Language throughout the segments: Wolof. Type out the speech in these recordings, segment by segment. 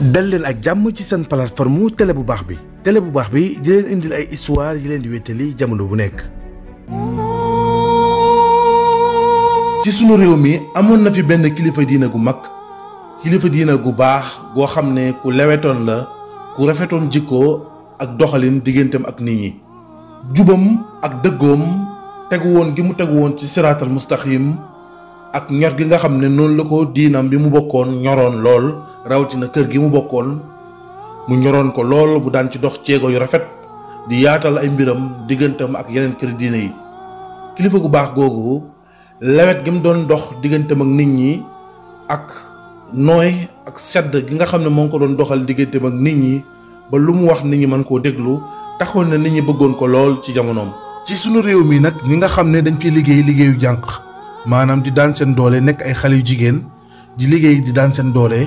dal leen ak jàmm ci seen plateforme télé bu baax bi tele bu baax bi di leen indil ay histoire yi leen di wéttali jamono bu nekk ci sunu réew mi amoon na fi benn kilifa diina gu mag kilifa diina gu baax goo xam ne ku lewetoon la ku rafetoon jikkoo ak doxalin digganteem ak nit ñi jubam ak dëggoom tegu woon gi mu tegu woon ci siraatal mustaqim ak ñor gi nga xam ne noonu la ko diinam bi mu bokkoon ñoroon lool rawatina kër gi mu bokkoon mu ñoroon ko lool bu daan ci dox jéego yu rafet di yaatal ay mbiram diggantam ak yeneen kër diine yi kilifa gu baax googu lawet gi mu doon dox diggantam ak nit ñi ak nooy ak sedd gi nga xam ne moo ngi ko doon doxal diggantam ak nit ñi ba lu mu wax nit ñi mën koo déglu taxoon na nit ñi bëggoon ko lool ci jamonoom. ci sunu réew mi nag ñi nga xam ne dañ fi liggéey liggéeyu maanaam di daan seen doole nekk ay xale yu jigéen di liggéey di daan seen doole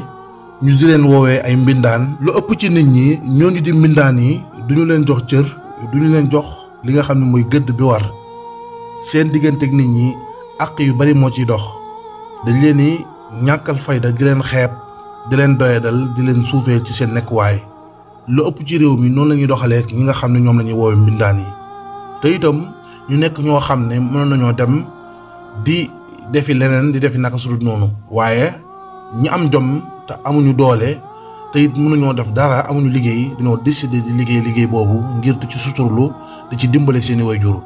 ñu di leen woowee ay mbindaan lu ëpp ci nit ñi ñoo di mbindaan yi duñu leen jox cër duñu leen jox li nga xam ne mooy gëdd bi war seen diggante ak nit ñi àq yu bari moo ciy dox dañ leen di ñàkkal fayda di leen xeeb di leen doyadal di leen suufee ci seen nekkuwaay lu ëpp ci réew mi noonu la ñuy doxalee ñi nga xam ne ñoom la ñuy woowee mbindaan yi te itam ñu nekk ñoo xam ne nañoo dem. di defi leneen di defi naka sudut noonu waaye ñi am jom te amuñu doole tey it mënuñoo def dara amuñu liggéey dañoo décider di liggéey liggéey boobu ngir te ci suturlu di ci dimbale seeni waajur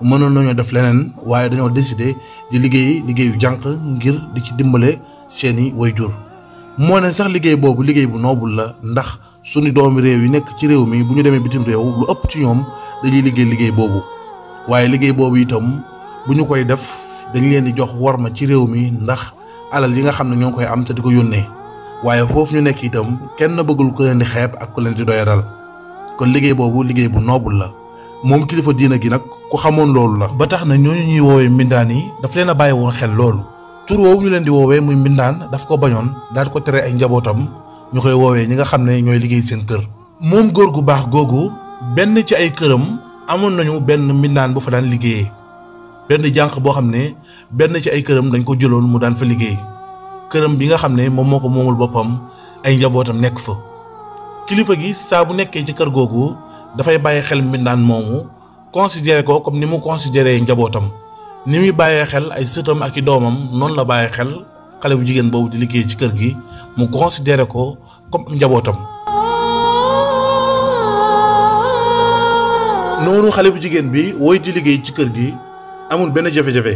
mënoon nañoo def leneen waaye dañoo décider di liggéey liggéeyu jànq ngir di ci dimbale seeni waajur moo ne sax liggéey boobu liggéey bu noobul la ndax sunu doomi réew yi nekk ci réew mi bu ñu demee bitim réew lu ëpp ci ñoom dañuy liggéey liggéey boobu waaye liggéey boobu itam bu ñu koy def dañ leen di jox worma ci réew mi ndax alal yi nga xam ne ñoo ngi koy am te di ko yónnee waaye foofu ñu nekk itam kenn bëggul ko leen di xeeb ak ku leen di doyadal kon liggéey boobu liggéey bu noobul la moom kilifa diina gi nag ku xamoon loolu la. ba tax na ñooñu ñuy woowee mbindaan yi daf leen a bàyyi woon xel tur ñu leen di woowee muy mbindaan daf ko bañoon daan ko tere ay njabootam ñu koy woowee ñi nga xam ne ñooy liggéey seen kër. moom góor gu baax googu benn ci ay këram amoon nañu benn mbindaan bu fa daan liggéeyee. benn jànq boo xam ne benn ci ay këram dañ ko jëloon mu daan fa liggéey këram bi nga xam ne moom moo ko moomul boppam ay njabootam nekk fa kilifa gi saa bu nekkee ci kër googu dafay bàyyi xel mbindaan moomu considéré ko comme ni mu considéré njabootam ni muy bàyyee xel ay sëtam ak i doomam noonu la bàyyee xel xale bu jigéen boobu di liggéey ci kër gi mu considéré ko comme njabootam. noonu xale bu jigéen bi woy di liggéey ci kër gi. amul benn jafe-jafe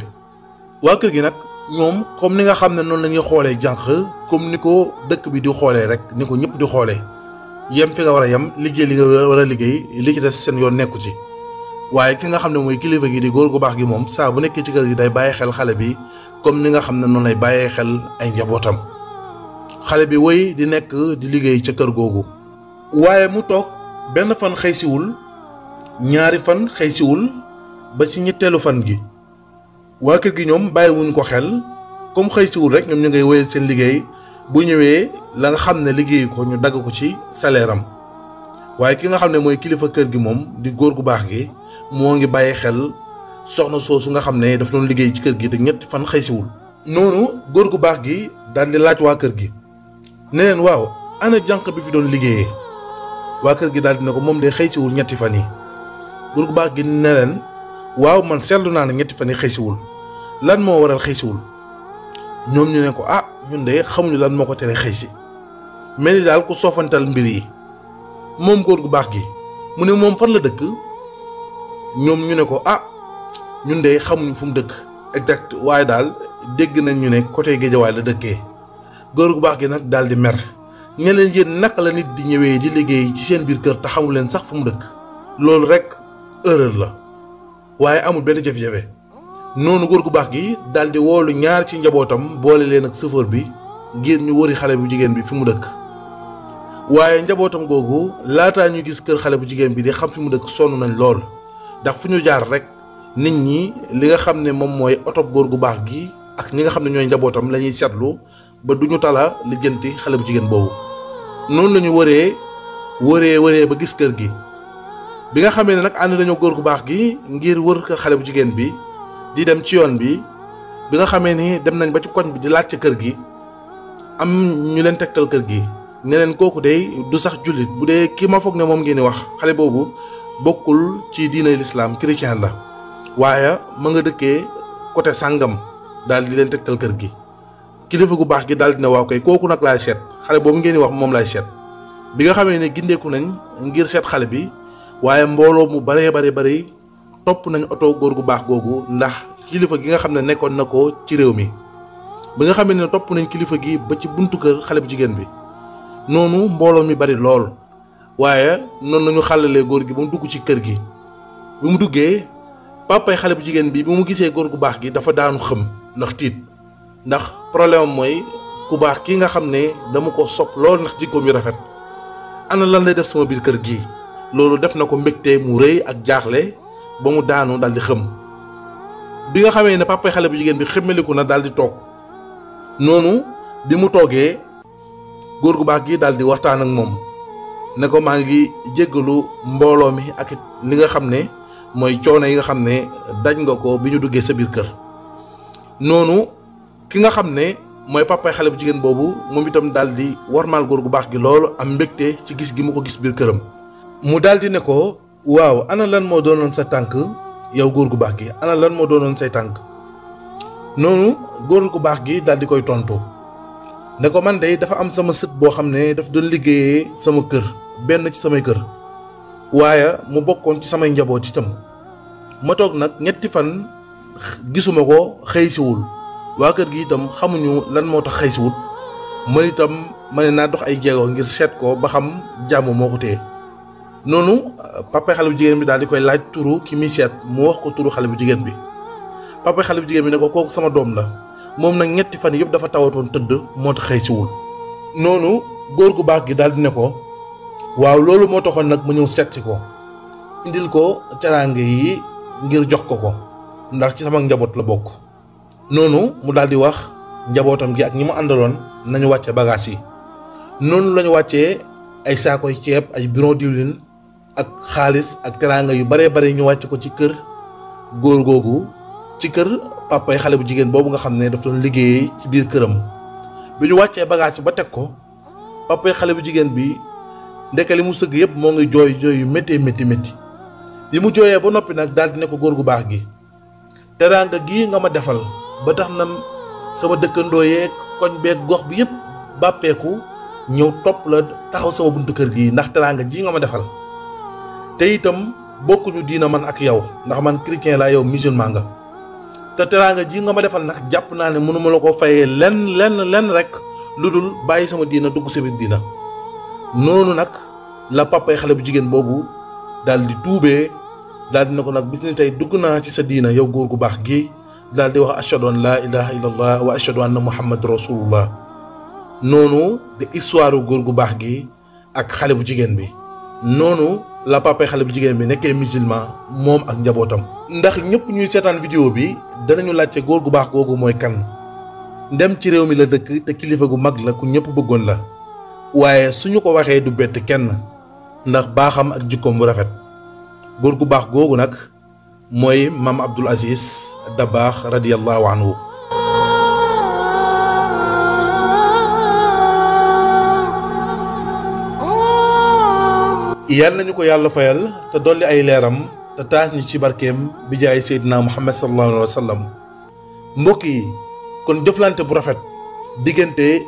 waa kër gi nag ñoom comme ni nga xam ne noonu la ñuy xoolee jànq comme ni ko dëkk bi di xoolee rek ni ko ñëpp di xoolee yem fi nga war a yem liggéey li nga war a liggéey li ci des seen yoon nekku ci waaye ki nga xam ne mooy kilifa gi di góor gu baax gi moom saa bu nekkee ci kër gi day bàyyi xel xale bi comme ni nga xam ne noonu lay bàyyee xel ay njabootam xale bi woy di nekk di liggéey ca kër googu waaye mu toog benn fan xëy ñaari fan xëy ba ci ñetteelu fan gi waa kër gi ñoom bàyyiwuñ ko xel comme xëysiwul rek ñoom ñu ngay wéyal seen liggéey bu ñëwee la nga xam ne liggéey ko ñu dagg ko ci salaire am waaye ki nga xam ne mooy kilifa kër gi moom di góor gu baax gi moo ngi bàyyi xel soxna soo su nga xam ne daf doon liggéey ci kër gi te ñetti fan xëy siwul noonu góor gu baax gi daal di laaj waa kër gi neleen waaw ana jànq bi fi doon liggéeyee waa kër gi daal di ne ko moom de xëysiwul siwul ñetti fan yi góor gu baax waaw man seetlu naa ne ñetti fan yi xëysiwul lan moo waral xëysiwul ñoom ñu ne ko ah ñun de xamuñu lan moo ko tere xëysi mel ni daal ku soofantal mbir yi moom góor gu baax gi mu ne moom fan la dëkk ñoom ñu ne ko ah ñun de xamuñu fu mu dëkk exact waaye daal dégg nañ ñu ne côté Géejawaay la dëkkee góor gu baax gi nag daal di mer ñe leen yéen naka la nit di ñëwee di liggéey ci seen biir kër te xamu leen sax fu mu dëkk loolu rek erreur la. waaye amul benn jafe-jafe noonu góor gu baax gi daal di woolu ñaar ci njabootam boole leen ak chauffeur bi ngir ñu wëri xale bu jigéen bi fi mu dëkk waaye njabootam googu laataa ñu gis kër xale bu jigéen bi di xam fi mu dëkk sonn nañ lool ndax fu ñu jaar rek nit ñi li nga xam ne moom mooy oto góor gu baax gi ak ñi nga xam ne ñooy njabootam la ñuy seetlu ba du ñu tala lijjanti xale bu jigéen boobu noonu lañu wëree wëree wëree ba gis kër gi. bi nga xamee ne nag ànd nañoo góor gu baax gi ngir wër kër xale bu jigéen bi di dem ci yoon bi bi nga xamee ni dem nañ ba ci koñ bi di laaj ca kër gi am ñu leen tegtal kër gi ne leen kooku dey du sax jullit bu dee ki ma foog ne moom ngeen di wax xale boobu bokkul ci diina lislaam chrétien la waaye ma nga dëkkee côté sàngam daal di leen tegtal kër gi kilifa gu baax gi daal dina waaw koy kooku nag laay seet xale boobu ngeen di wax moom laay seet bi nga xamee ne gindeeku nañ ngir seet xale bi waaye mbooloo mu baree bare bari topp nañ oto góor gu baax googu ndax kilifa gi nga xam ne nekkoon na ko ci réew mi bi nga xam ne topp nañ kilifa gi ba ci buntu kër xale bu jigéen bi noonu mbooloo mi bari lool waaye noonu nañu xàllalee góor gi ba mu dugg ci kër gi bi mu duggee papay xale bu jigéen bi bi mu gisee góor gu baax gi dafa daanu xëm ndax tiit ndax problème mooy ku baax kii nga xam ne dama ko sopp lool ndax jikkoom yu rafet ana lan lay def sama biir kër gi loolu def na ko mbégte mu rëy ak jaaxle ba mu daanu daal di xëm bi nga xamee ne papa xale bu jigéen bi xëmmeliku na daal di toog noonu bi mu toogee góor gu baax gi daal di waxtaan ak moom ne ko maa ngi jéggalu mbooloo mi ak li nga xam ne mooy coono yi nga xam ne daj nga ko bi ñu duggee sa biir kër noonu ki nga xam ne mooy papa xale bu jigéen boobu moom itam daal di warmaal góor gu baax gi loolu am mbégte ci gis gi mu ko gis biir këram. mu daal di ne ko waaw ana lan moo doonoon sa tànk yow góor gu baax gi ana lan moo doonoon say tànk noonu góor gu baax gi daal di koy tontu ne ko man de dafa am sama sët boo xam ne daf doon liggéeyee sama kër benn ci samay kër waaye mu bokkoon ci samay njaboot itam ma toog nag ñetti fan gisuma ko xëysiwul waa kër gi itam xamuñu lan moo tax xëy siwul man itam ma ne naa dox ay jéego ngir seet ko ba xam jàmm moo ko noonu papa xale bu jigéen bi daal di koy laaj turu ki muy seet mu wax ko turu xale bu jigéen bi papa xale bu jigéen bi ne ko kooku sama doom la moom nag ñetti fan yëpp dafa tawatoon tëdd moo tax xëy siwul noonu góor gu baax gi daal di ne ko waaw loolu moo taxoon nag mu ñëw seet si ko indil ko caraange yi ngir jox ko ko ndax ci sama njaboot la bokk noonu mu dal di wax njabootam gi ak ñi mu àndaloon nañu wàcce bagages yi noonu lañu wàccee ay saakoy ceeb ay bureau diwlin ak xaalis ak teraanga yu baree bare ñu wàcce ko ci kër góor googu ci kër pàppaay xale bu jigéen boobu nga xam ne daf doon liggéey ci biir këram bi ñu wàccee bagage ba teg ko pàppaay xale bu jigéen bi ndeke li mu sëgg yëpp moo ngi jooy jooy yu méttee métti métti li mu jooyee ba noppi nag daal ne ko góor gu baax gi teraanga gi nga ma defal ba tax na sama dëkkandoo yeeg koñ beeg gox bi yëpp bàppeeku ñëw topp la taxaw sama buntu kër gii ndax teraanga ji nga ma defal te itam bokkuñu diina man ak yow ndax man chrétien laa yow musulman nga te teraanga jii nga ma defal nag jàpp naa ne mënuma la ko fayee lenn lenn lenn rek lu dul bàyyi sama diina dugg sa biir diina noonu nag la pàppay xale bu jigéen boobu daal di tuubee daal di na ko nag bis tey dugg naa ci sa diina yow góor gu baax gi daal di wax ashhadu an laa ilaha illallah wa ashhadu anna muhammad rasulullah noonu de histoire góor gu baax gi ak xale bu jigéen bi la papa xale bu jigéen bi nekkee musulman moom ak njabootam. ndax ñëpp ñuy seetaan vidéo bi danañu laajte góor gu baax googu mooy kan ndem ci réew mi la dëkk te kilifa gu mag la ku ñëpp bëggoon la waaye su ñu ko waxee du bett kenn ndax baaxam ak jikkoom bu rafet góor gu baax googu nag mooy maam Abdoul Aziz Dabakh radiyallahu anhu yal nañu ko yàlla fayal te dolli ay leeram te taas ñu ci barkeem bi jaay Seydina Muhammad sallallahu alayhi wa sallam mbokk yi kon jëflante bu rafet diggante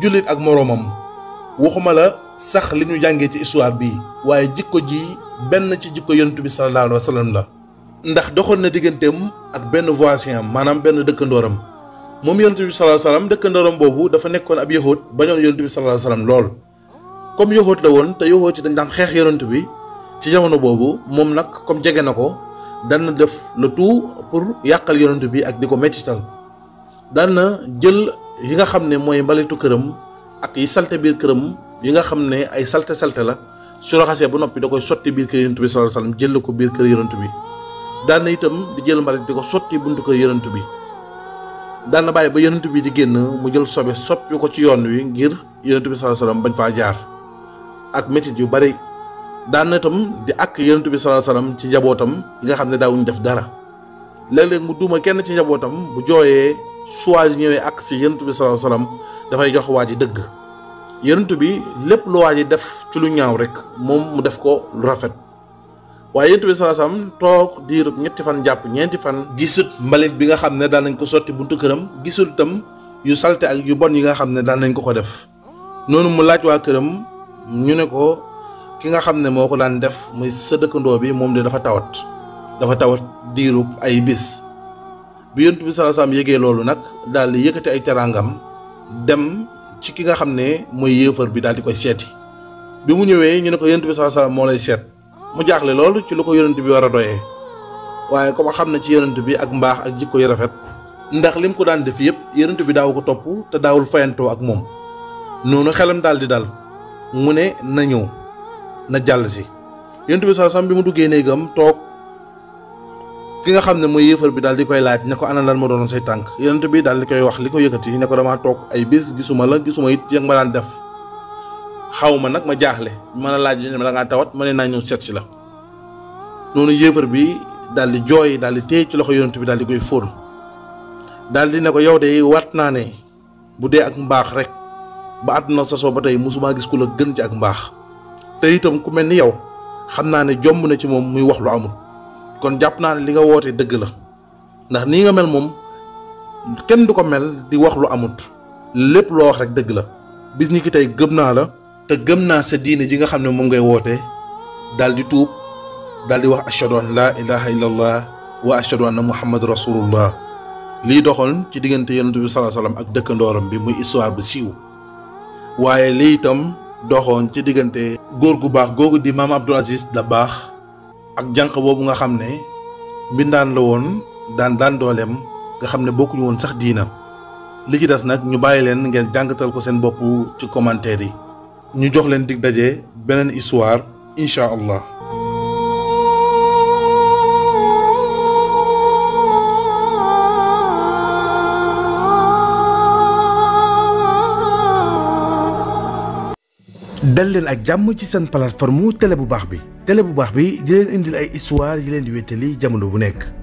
jullit ak moroomam waxuma la sax li ñu jàngee ci histoire bi waaye jikko ji benn ci jikko yontu bi sallallahu alayhi la ndax doxoon na digganteem ak benn voisin maanaam benn dëkkandooram moom yontu bi sallallahu alayhi wa sallam dëkkandooram boobu dafa nekkoon ab yahud bañoon yontu bi sallallahu alayhi wa sallam lool comme yoxoot la woon te yoxoot yi dañ daan xeex yonent bi ci jamono boobu moom nag comme jege na ko daan na def le tout pour yàqal yonent bi ak di ko mettital daan jël yi nga xam ne mooy mbalitu këram ak yi salte biir këram yi nga xam ne ay salte salte la su raxasee bu noppi da koy sotti biir kër yonent bi sallallahu alayhi jël ko biir kër yonent bi daan itam di jël mbalit di ko sotti buntu kër yonent bi daan na bàyyi ba yonent bi di génn mu jël sobe soppi ko ci yoon wi ngir yonent bi sallallahu bañ faa jaar ak métit yu bari daan na itam di àkk yonent bi sallallahu alayhi wasallam ci njabootam nga xam ne daawuñu def dara léeg-léeg mu duuma kenn ci njabootam bu jooyee suwaay ñëwee ak si yonent bi sallallahu alayhi dafay jox waa ji dëgg yonent bi lépp lu waa ji def ci lu ñaaw rek moom mu def ko lu rafet waaye yonent bi toog diirub ñetti fan jàpp ñeenti fan. gisut mbalit bi nga xam ne daan nañ ko sotti buntu këram gisul itam yu salte ak yu bon yi nga xam ne daan nañ ko ko def noonu mu laaj waa këram. ñu ne ko ki nga xam ne moo ko daan def muy sa dëkkandoo bi moom de dafa tawat dafa tawat diirub ay bis bi yonent bi sallallahu alayhi wasallam loolu nag daal di yëkkati ay teraangam dem ci ki nga xam ne mooy yéefar bi daal di koy seeti bi mu ñëwee ñu ne ko yonent bi sallallahu moo lay seet mu jaaxle lool ci lu ko yonent bi war a doyee waaye comme xam na ci yonent bi ak mbaax ak jikko yu rafet ndax lim ko daan def yëpp yonent bi daaw ko topp te daawul fayantoo ak moom noonu xelam daal di dal mu ne na ñëw na jàll si yonent bi saasam bi mu duggee néegam toog ki nga xam ne mooy yéefar bi daal di koy laaj ne ko ana lan ma doon say tànk yonent bi daal di koy wax li ko yëkkati ne ko damaa toog ay bis gisuma la gisuma it yëg ma daan def xaw nag ma jaaxle ma la laaj ne ma da ngaa tawat ma ne naa ñëw seet si la noonu yéefar bi daal di jooy daal di téye ci loxo yonent bi daal di koy fóon daal di ne ko yow de wat naa ne bu dee ak mbaax rek. ba àdduna sasoo ba tey mosumaa gis ku la gën ci ak mbaax te itam ku mel ni yow xam naa ne jomb na ci moom muy wax lu amul kon jàpp naa ne li nga wootee dëgg la ndax nii nga mel moom kenn du ko mel di wax lu amut lépp loo wax rek dëgg la bis ni ki tey gëm naa la te gëm naa sa diine ji nga xam ne moom ngay woote daal di tuub daal di wax ashadu an laa ilaha illallah wa ashadu anna muhammad rasulullah lii doxoon ci diggante yonent bi salaa salaam ak dëkkandooram bi muy histoire bu siiw waaye li itam doxoon ci diggante góor gu baax googu di maam Abdou la baax ak janq boobu nga xam ne mbindaan la woon daan daan dooleem nga xam ne bokkuñu woon sax diina li ci des nag ñu bàyyi leen ngeen jàngatal ko seen bopp ci commentaire yi ñu jox leen dig daje beneen histoire incha allah dal leen ak jàmm ci seen plateforme tele bu baax bi tele bu baax bi di indil ay histoire yi leen di wéttali jamono bu nekk